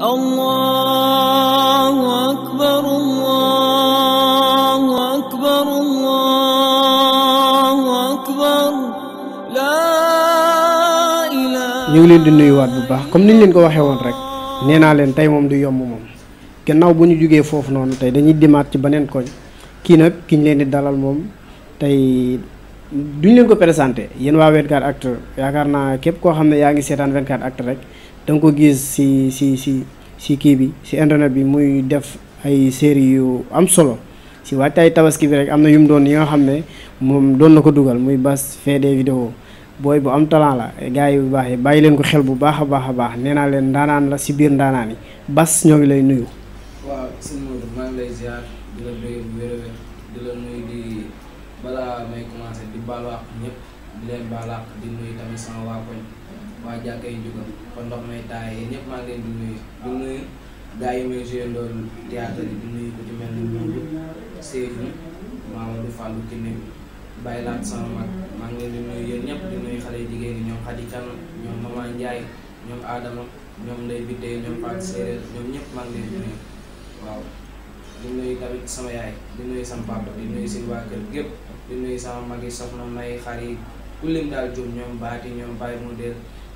الله أكبر الله أكبر الله أكبر لا leen di nuyuwaat bu baax comme ni leen ko waxee woon rek nee naa leen tey moom du yomb moom gannaaw bu ñu jógee foofu noonu tey dañuy dimaat ci beneen koñ kii nag ki leen di dalal moom tey duñ leen ko présenté yéen waa 24actu yaakaar naa képp koo xam ne yaa ngi seetaan 24actu rek. da nga ko gis si si si si kii bi ci internet bi muy def ay série yu am solo si waajtaay tabaski bi rek am na yu mu doon yi nga xam ne moom doon na ko dugal muy bas fait des vidéos booy bu am talent la gars yi bu baax yi bàyyi leen ko xel bu baax a baax a baax nee naa leen ndaanaan la si biir ndaanaan yi Bass ñoo ngi lay nuyu. waaw la nuyu bu waa jàkkay Juga kon ndox may taay yéen ñëpp maa ngi leen di nuyu di nuyu gars yi may joué loolu théâtre yi di nuyu ko ci mel ni Mourou Seydou Mamadou Fallou Kiné bàyyi laat sama mag maa ngi leen di nuyu yéen ñëpp xale jigéen ñi ñoom Khady Thiam ñoom Mama Ndiaye ñoom Adama ñoom Ndeye Biteye ñoom Fatou Séréer ñoom ñëpp maa ngi leen di waaw. di nuyu sama yaay di sama papa di nuyu waa kër gépp di sama mag yi soxna may xar yi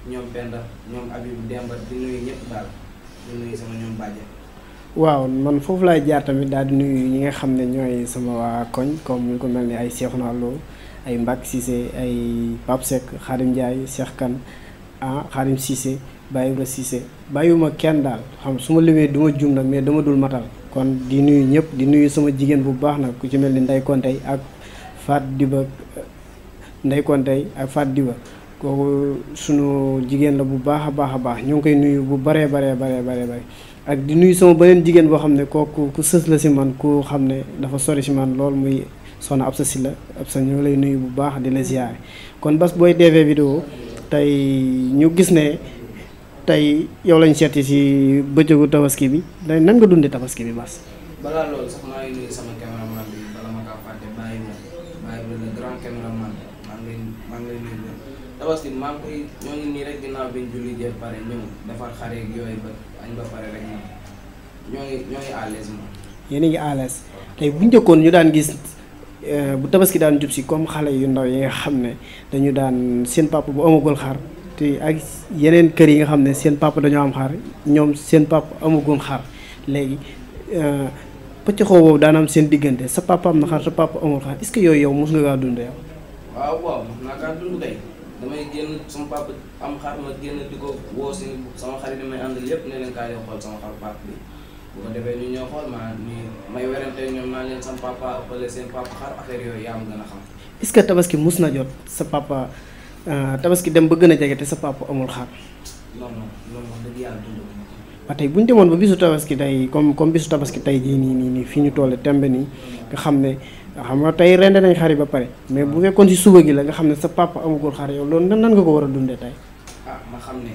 ñoom Penda ñoom Habib Demba di nuyu ñëpp daal di nuyu sama ñoom Badja. waaw man foofu laay jaar tamit daal di nuyu ñi nga xam ne ñooy sama waa koñ comme ñu ko mel ni ay Cheikh Nallo ay Mbacke Cissé ay Pape Seck Xarim Ndiaye Cheikh Kane ah Xarim Cissé Baye Ibra Cissé bàyyiwuma kenn daal xam su ma limee du ma jum nag mais dama dul matal. kon di nuyu ñëpp di nuyu sama jigéen bu baax nag ku ci mel ni Ndeye Kontey ak Fat Diba Ndeye Kontey ak Fat Diba kooku sunu jigéen la bu baax a baax a baax ñoo ngi koy nuyu bu baree baree baree baree bare ak di nuyu sama beneen jigéen boo xam ne kooku ku sës la si man koo xam ne dafa sori si man lool muy soxna Absa Sylla Absa ñoo lay nuyu bu baax di la ziyaare kon Bass Boy TV vidéo tey ñu gis ne tey yow lañ seeti si bëccëgu tabaski bi day nan nga dundee tabaski bi Bass bala tabaski maa ngi koy ñoo ngi nii rek ginnaaw bi ñu julli jël pare ñëw defar xare yooyu ba añ ba pare rek ñoo ngi ñoo ngi à l'aise a ngi à te bu njëkkoon ñu daan gis euh, bu tabaski daan jub si comme xale yu ndaw yi nga xam ne dañu daan seen papa bu amagul xar te ak yeneen kër yi nga xam ne seen papa dañoo am xar ñoom seen papa amagul xar léegi. Euh, pëcc xaw boobu daan am seen diggante sa papa am na xar sa papa amul xar est yooyu yow mus nga kaa dund yow. waaw waaw sama papa am xar ma génn di ko woo si sama xarit yi may àndal yépp ne leen kaa yoo xool sama xar papa bi bu ko defee ñu ñoo xool maa ni may werante ñoom naa leen sama papa ëppale seen papa xar affaire yooyu yaa ma gën a xam. est que tabaski mus na jot sa papa euh, tabaski dem ba gën a jege te sa papa amul xar. non non loolu wax yàlla dund ba tey bu ñu demoon ba bisu tabaski tey comme comme bisu tabaski tey jii nii nii fii ñu toll tembe nii nga xam ne. xam nga tey rende nañ xar yi ba pare mais bu fekkoon ci suba gi la nga xam ne sa papa amagul xar yow loolu nan nan nga ko war a dundee tey. ah ma xam ne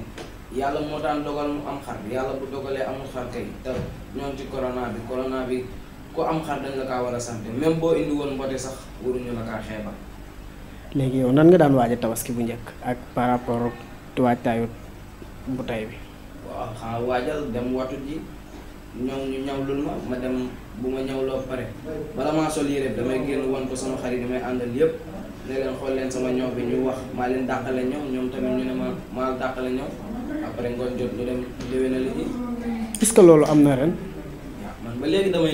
yàlla moo daan dogal mu am xar yàlla bu dogalee amul xar kay te ñoom ci corona bi corona bi ku am xar dañ la kaa war a sant même boo indi woon sax waruñu la kaa xeebal. léegi yow nan nga daan waaja tabaski bu njëkk ak par rapport ak bu tey bi. waaw xanaa waajal dem watu ji ñoom ñu ñawlul bu ma ñëw loo pare bala maa sol yére damay génn wan ko sama xarit damay àndal yëpp ne leen xool leen sama ñëw bi ñu wax maa leen dàqale ñëw ñoom tamit ñu ne ma maa dàqale ñëw après ngoon jot ñu dem ndéwénal que loolu am na ren. man ba léegi damay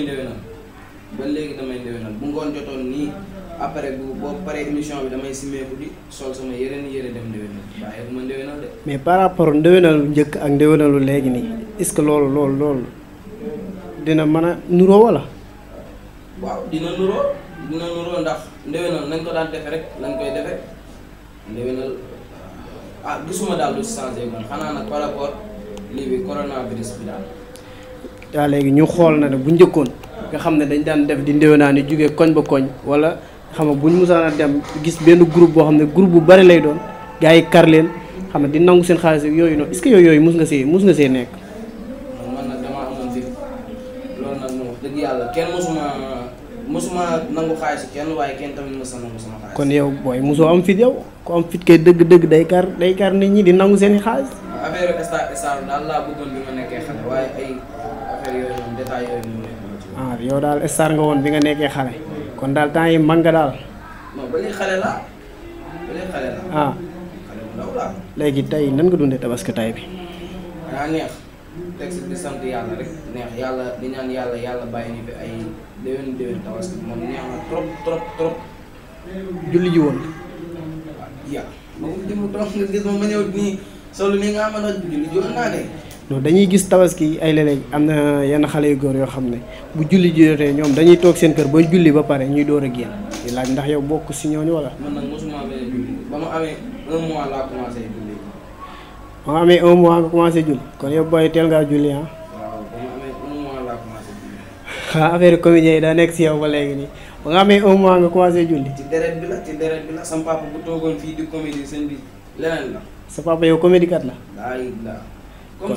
ba léegi damay ndéwénal bu ngoon jotoon nii après bu boo paree émission bi damay simeeku di sol sama yeneen yére dem ndéwénal waaye bu ma ndéwénal de. mais par rapport ndéwénalu njëkk ak ndéwénalu léegi nii est-ce que loolu loolu loolu. dina man a nuroo wala. waaw dina nuroo dina nuroo ndax ndewenal nañ ko daal defe rek lañ koy defe ndewenal ah gisuma daal lu changé man xanaa nag par rapport lii bi coronavirus bi daal. daa léegi ñu xool na ne bu njëkkoon nga xam ne dañ daan def di ni jóge koñ ba koñ wala xam nga buñ musaan a dem gis benn groupe boo xam ne groupe bu bari lay doon gars yi kar leen xam nga di nangu seen xaalis yooyu noonu est-ce que yooyu mus nga see mus nga see nekk. mosuma nangu xaalis kenn waaye kenn tamit mosuma nangu sama kon yow booy mosoo am fit yow ku am fit kay dëgg-dëgg day kar day kar nit ñi di nangu seeni i xaalis. affaire état daal laa bëggoon bi ma ah, nga woon bi nga nekkee xale. kon daal temps mag nga daal. non ba léegi xale laa ba léegi xale laa. Ah. tey nan nga dundee tabaski tay bi. texte bi sant yàlla rek neex yàlla di ñaan yàlla yàlla bàyyi ni fi ay déwén déwén tabaski moom neex na trop trop trop. julli ji woon. waaw yàlla moom jëmm nga gis ne julli dañuy gis tabaski ay léeg am na yenn xale yu góor yoo xam ne bu julli ji jotee ñoom dañuy toog seen kër ba julli ba pare ñuy door a génn di laaj ndax yow bokk si ñooñu wala. man nag mosuma amee julli ba ma amee un mois laa commencé julli. ba ma amee un moins nga commencé jul kon yow booy teel ngaa julli ah. waaw ba ma affaire comédien yi daa nekk si yow ba léegi nii ba nga amee un mois nga commencé julli. ci deret bi la ci deret bi la sama bu toogoon fii di comédie sëñ bi leneen la. sa papa yow comédie kat la. daa yëg la comme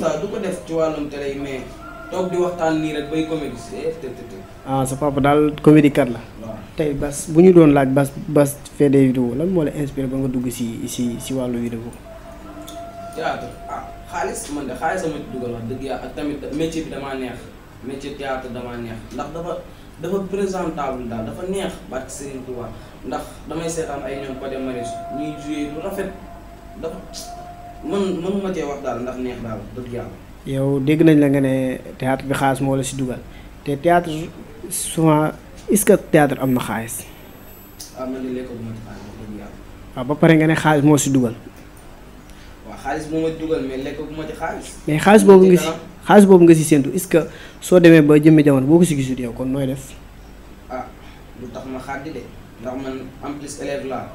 ci wàllum télé di waxtaan nii rek bay comédie te daal comédie la. waaw tey Bass bu ñu doon laaj bas Bass fait des vidéos lan moo la inspiré ba nga dugg si si si wàllu vidéo théâtre ah xaalis man de xaalis sama ci dugal wax dëgg yàlla ak tamit métier bi damaa neex métier théâtre damaa neex ndax dafa dafa présentable daal dafa neex barke Serigne Touba ndax damay seetaan ay ñoom Pod et Marichou ñuy joué lu rafet dafa mën mënuma cee wax daal ndax neex daal dëgg yàlla. yow dégg nañ la nga ne théâtre bi xaalis moo si dugal te théâtre souvent est-ce que théâtre am na xaalis. ah man de léegi ko ma ci ah, ba pare nga ne xaalis moo si dugal. xaalis moo mais xaalis. mais xaalis boobu nga si xaalis boobu nga si séntu est-ce que soo demee ba jëmmi jamono boo ko si gisul yow kon nooy def. Ah, de ndax man en plus élève laa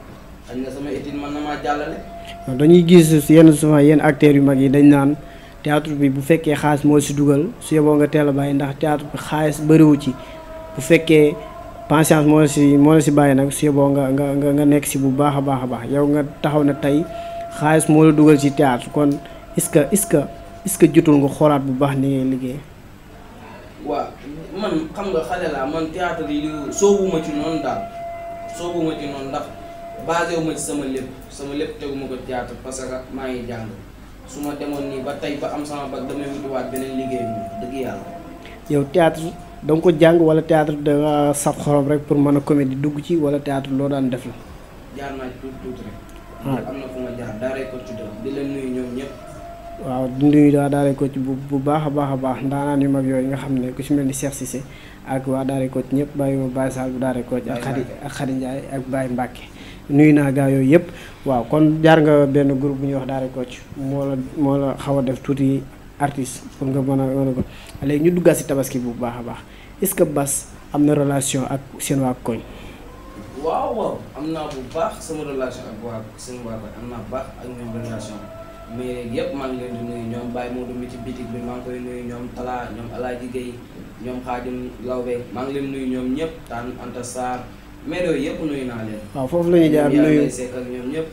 sama dañuy gis yenn souvent yenn acteur yu mag yi dañ naan théâtre bi bu fekkee xaalis moo si dugal su yeboo nga teel a bàyyi ndax théâtre bi xaalis bëriwu ci bu fekkee. patience moo la si moo la si bàyyi nag su yeboo nga nga nga nekk si bu baax a baax a baax yow nga taxaw na tey xaalis moo la dugal ci théâtre kon est-ce que est-ce que est-ce que jotul nga xoolaat bu baax ni ngay liggéey. waaw man xam nga xale laa man théâtre yi soobuma ci noonu daal soobuma ci noonu ndax basé ci sama lépp sama lépp teguma ko théâtre parce que maa ngi jàng su ma demoon nii ba tey ba am sama bag damay wutiwaat beneen liggéey bi dëgg yàlla. yow théâtre da nga ko jàng wala théâtre da nga saf xorom rek pour mën a comédie dugg ci wala théâtre loo daan def la. jaar naa Ah. am na fu ma jaar daaray Kocc di la waaw di waa daaray Kocc bu baax a baax a baax ndaanaan yu mag yooyu nga xam ne ku ci mel ni Cheikh Cissé ak waa daaray Kocc ñëpp bàyyi ma Baye Sall bu daaray Kocc ak Khady ak Khady Ndiaye ak Baye Mbacke nuyu naa gaa yooyu yëpp waaw kon jaar nga benn groupe bu ñuy wax daaray Kocc moo la moo la xaw a def tuuti artiste pour nga mën a mën a ko léegi ñu duggaat ci tabaski bu baax a baax est-ce que Bass am na relation ak seen waa koñ. waaw waaw am naa bu baax sama relation ak waa seen waa ba am naa bu baax ak ñoom relation mais yëpp maa ngi leen di nuyu ñoom ci bitik bi maa ngi koy nuyu ñoom Talla ñoom Alaaji Gueye ñoom Xaadim Lawbe maa ngi leen nuyu ñoom ñëpp Tane Anta Sarr mais yëpp nuyu naa leen. waaw foofu la ñuy jaar nuyu ak ñoom ñëpp.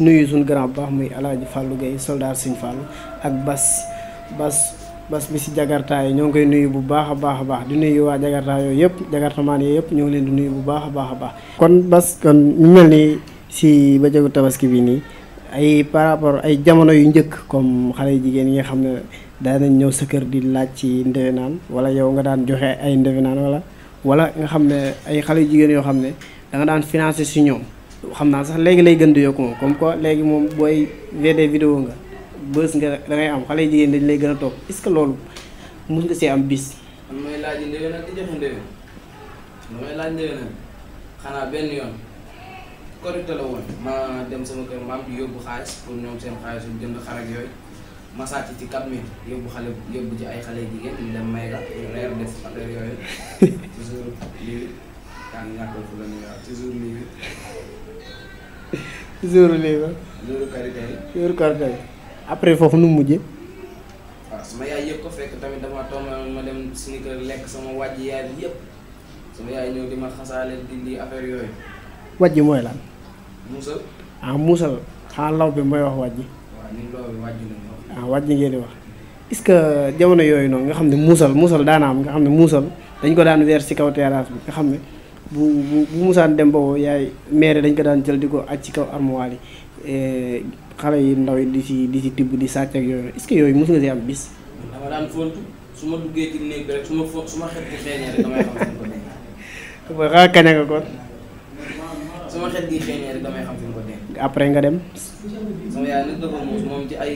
nuyu suñu grand bu baax muy Alaaji Fallou Gueye soldat Sëñ Fallou ak Bas Bas. bas bi si jagartaa yi ñoo ngi koy nuyu bu baax a baax a baax di nuyu waa jagartaa yooyu yëpp jagartamaan yooyu yëpp ñoo ngi leen di nuyu bu baax a baax a baax kon bas kon ñu mel ni si ba jagu tabaski bii nii ay par rapport ay jamono yu njëkk comme xale yu jigéen yi nga xam ne daanañ ñëw sa kër di laaj ci ndewenaan wala yow nga daan joxe ay ndewenaan wala wala nga xam ne ay xale yu jigéen yoo xam ne da daan finance si ñoom xam naa sax léegi lay gën di yokku moom léegi moom booy VD vidéo nga bës nga da ngay am xale jigéen dañ lay gën a topp est-ce que loolu mën see am bis. man may laaj ndéwénal di joxe ndéwén may laaj ndéwénal xanaa benn yoon korite la woon ma dem sama kër maam yóbbu xaalis pour ñoom seen xaalis jënd xar yooyu ma sàcc ci 4000 yóbbu xale yóbbu ci ay xale jigéen ñu dem may la reer def affaire yooyu toujours lii kaan ñàkkal fu la ñuy wax toujours lii toujours lii ba toujours karité après foofu nu mu mujjee. waaw sama yaay yëpp ko fekk tamit dama tombal ma dem suñu kër lekk sama wàjj yaay yëpp sama yaay ñëw di ma xasaale di di affaire yooyu. wàjj mooy lan. muusal. ah muusal xanaa bi mooy wax wàjj. waaw ñun law ah, ngeen di wax est-ce que jamono yooyu noonu nga xam ne musal muusal daanaam nga xam ne muusal dañ ko daan weer ci kaw terrasse bi nga xam ne. bu bu bu musaan dem boobu yaay maire dañ ko daan jël di ko aj ci kaw armoire yi eh, xale yi ndaw yi di ci di ci tibb di sàcc ak yooyu est-ce que nga si am bis. dama daan fontu su ma duggee ci néeg bi rek nga après nga dem. sama yaay nag dafa muus moom ci ay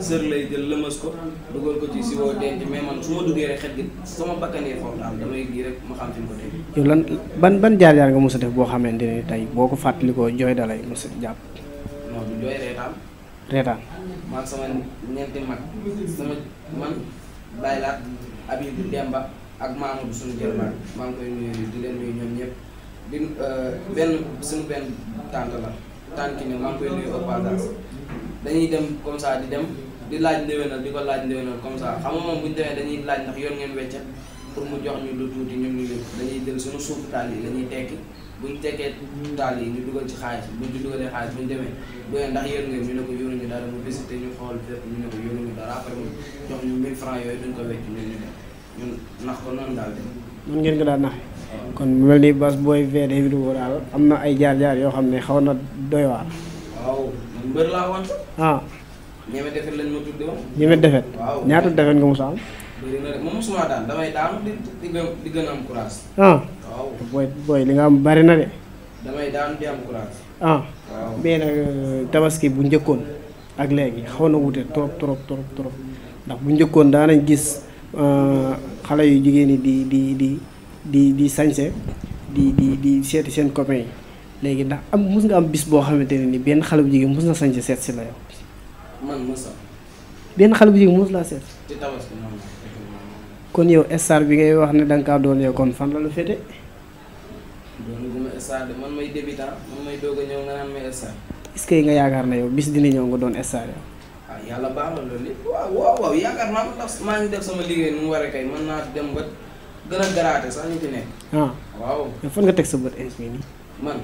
sër lay jël lëmas ko dugal ko ci si woo denc mais man su ma duggee rek xet gi sama bakkanee foofu daal damay gii rek ma xam fi mu ko denc. yow lan ban ban jaar-jaar nga mos a def boo xamante ne tey boo ko fàttalikoo jooy dalay mos a jàpp. dooy reetaan. reetaan. man sama ñeenti mag sama man Baye Laat Habibou Demba ak Mamadou suñu jërëmaat maa ngi koy nuyu di leen nuyu ñoom ñëpp di euh, benn suñu benn tante la tante ne maa ngi koy nuyu au passage dañuy dem comme ça di dem di laaj na di ko laaj ndéwénal comme ça xam nga moom bu demee dañuy laaj ndax yoon ngeen weccet pour mu jox ñu lu tuuti ñu ñu dañuy jël suñu suufu taal yi la ñuy tekki. buñ tekkee ñun daal yi ñu dugal ci xaalis buñ ci dugalee xaalis buñ demee bu ngeen ndax yéen ngeen ñu ne ko yónni ñu dara mu visité ñu ne ko yónni ñu dara après mu jox ñu daal dem noonu kon mel ni Bass Boy VD vidéo daal am na ay jaar-jaar yoo xam ne xaw na doy waar waaw man mbër laa woon ah ñeme defet lañ ma tudde woon ñeme defet waaw ñaata nga mos am bëri na moom mosuma damay daanu di di gën am courage. ah booy li nga am bari na de. damay daanu di am courage. Ah. Euh, tabaski bu njëkkoon ak léegi xaw na wute trop trop trop trop ndax bu njëkkoon daanañ gis euh, xale yu jigéen ñi di di di di di sañse di di di seeti seen copain yi léegi ndax am mus nga am bis boo xamante ne ni benn xale bu jigéen mus na sañse seet si la benn xale bu jigéen mus laa seet. kon yow star bi ngay wax ne da nga kaa doon yow kon fan la la féete. doon gu ma star de man may débutant man may doog a ñëw nga naan may star. est-ce nga yaakaar na yow bis dina ñëw nga doon star yow. ah yàlla baax na loolu it waaw waaw waaw yaakaar naa ko ndax maa ngi def sama liggéey nu mu waree kay mën naa dem ba gën a garaate sax ñu ci nekk. ah waaw. fan nga teg sa bët instant nii. man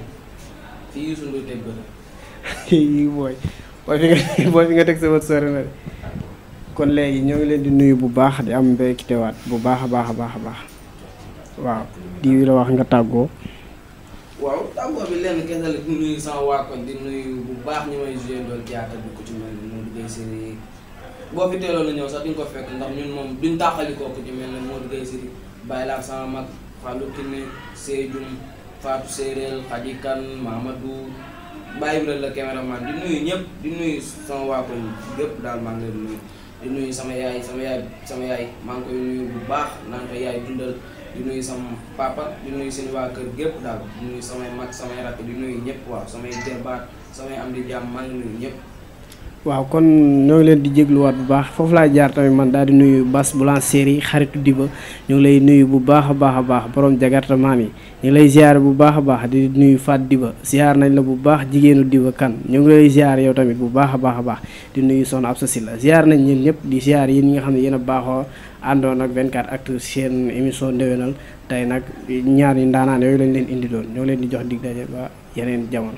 fii Youssou Ndour teg bët. yii booy booy fi nga teg sa bët sori kon léegi ñoo ngi leen di nuyu bu baax di am mbéykitewaat bu baax a baax a baax a baax waaw di wax nga tàggoo. waaw tàggoo bi lenn kenn la di nuyu sama waa di nuyu bu baax ñu may joué doon jaata bi ku ci mel ni Modou Gueye Seri boo fi teeloon a ñëw sax duñ ko fekk ndax ñun moom duñ tàqali ko ku ci mel ni Modou Gueye Seri bàyyi laa sama mag Fallou Kiné Seydou Fatou Séréel Khady Kane Mamadou bàyyi bi la caméraman di nuyu ñëpp di nuyu sama waa koñ yëpp daal maa ngi leen nuyu. di nuyu sama yaay sama yaay sama yaay maa ngi koy nuyu bu baax naan ko yaay dundal di nuyu sama papa di nuyu seen waa kër gépp daal di nuyu samay mag samay rakk di nuyu ñëpp waaw samay jërbaat samay am di jàmm maa ngi nuyu ñëpp waaw kon ñoo ngi leen di jégluwaat bu baax foofu laa jaar tamit man daal di nuyu Bass Boulangerie xaritu Diba ñu ngi lay nuyu bu baax a baax a baax borom jagarta maam yi ñu ngi lay ziar bu baax a baax di nuyu Faat Diba ziar nañ la bu baax jigéenu Diba kan ñu ngi lay ziar yow tamit bu baax a baax a baax di nuyu Soxna Absa Sylla ziar nañ ñeen ñëpp di ziar yéen ñi nga xam ne yéen a baaxoo àndoon ak 24actu seen émission ndéwénal tey nag ñaar yi ndaanaan yooyu lañ leen indi doon ñoo leen di jox dig daje ba yeneen jamono